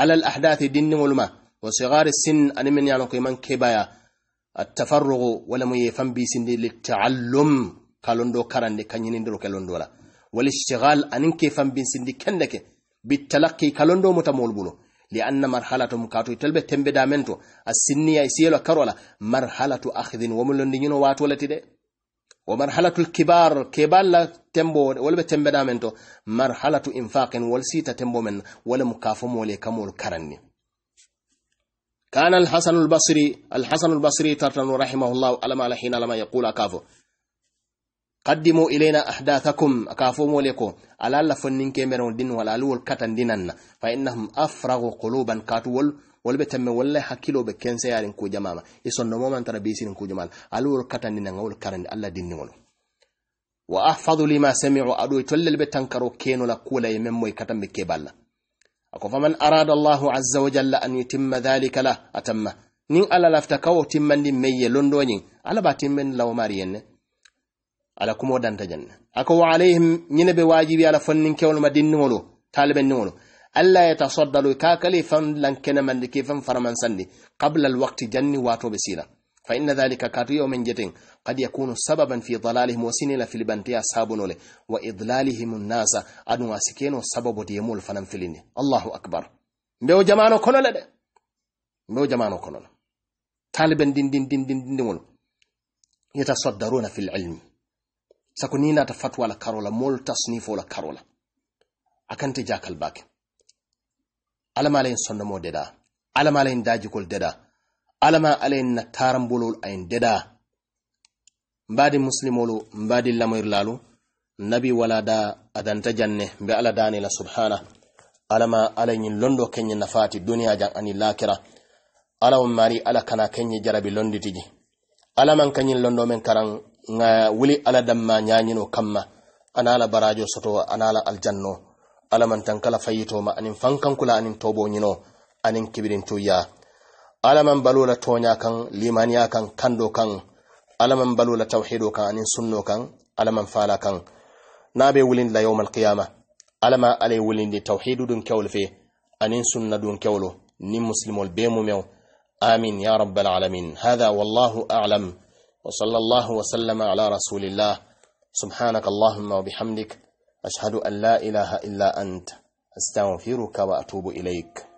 على الأحداث دين ولما وصغار السن أن من يعني من كبايا التفرغ ولم يفهم بيسن للتعلم كالوندو كران دي كان يندرو كالوندو لا والاشتغال أن كيفهم بيسن دي كندك بالتلقي كالوندو متمول بولو لأن مرحلة مكاتو تلبة تنبدا منتو السنية يسيلو كرولا مرحلة أخذ وملون دي نوات ولتي دي ومرحلة الكبار كبار لا تمبو ولا بتمبو دامنتو مرحلة إنفاق والسيتا تمبو من ولا مكافم ولا كمول كرني كان الحسن البصري الحسن البصري ترتن رحمه الله ألم على حين لما يقول أكافو قدموا إلينا أحداثكم أكافو لكم على لفن كاميرون دين ولا لول كتن دينن فإنهم أفرغوا قلوبا كاتول wolɓe tamme wallahi hakkiloɓe kenseyarin ko mama e sonno momantara besirin kuja katani alawol katandi karani alla dinni wono wa ahfadu lima samiu adu tollel be tankaro kenola kula e e katambe ke balla ako faman arada allahu azza wa jalla an yutimma dhalika la atamma nin ala lafta kawo timmandi meye londoñin ala ba timmen law yenne ala kumo danta janne ako wa alaihim nyine be wajibi ala fonnin kewol ma talben ni wono الله يتصدر كاكلي فن لن كن من كيف فرمان سني قبل الوقت جني واتو بسيرة فإن ذلك كاتو يوم جتين قد يكون سببا في ضلالهم وسنين في البنتي أصحاب نولي وإضلالهم الناس أدو واسكين وسبب ديمول فننفلين الله أكبر ميو جمانو كنو لده ميو جمانو كنو طالبا دين دين دين دين دين دين يتصدرون في العلم سكنين تفتوى لكارولا مول تصنيفو لكارولا أكنت جاك الباكي alama len sondomo deda alama len dajikol deda alama alen na tarambolol ayin deda mbadi muslimolu mbadi lalu nabi wala da adanta janne mbe ala dani la subhana alama ala londo londo na nafati duniya jan ani lakira ala mari ala kana kenñe jarabi londitiji ala man kañin londo men karan nga wuli ala damma nyanyino kamma ana barajo soto ana aljanno alamantan kala ma anin kula anin nyino anin tuya alaman balula tonya kan limaniya kan kando kan alaman balula tauhido kan anin sunno kan alaman fala kan nabe wulin la yawmal qiyama alama alay wulindi tawhidu dun kewol fe anin sunna dun kewlo ni muslimol be mumew amin ya rabbal alamin hada wallahu a'lam وصلى الله وسلم على رسول الله سبحانك wa وبحمدك أشهد أن لا إله إلا أنت أستغفرك وأتوب إليك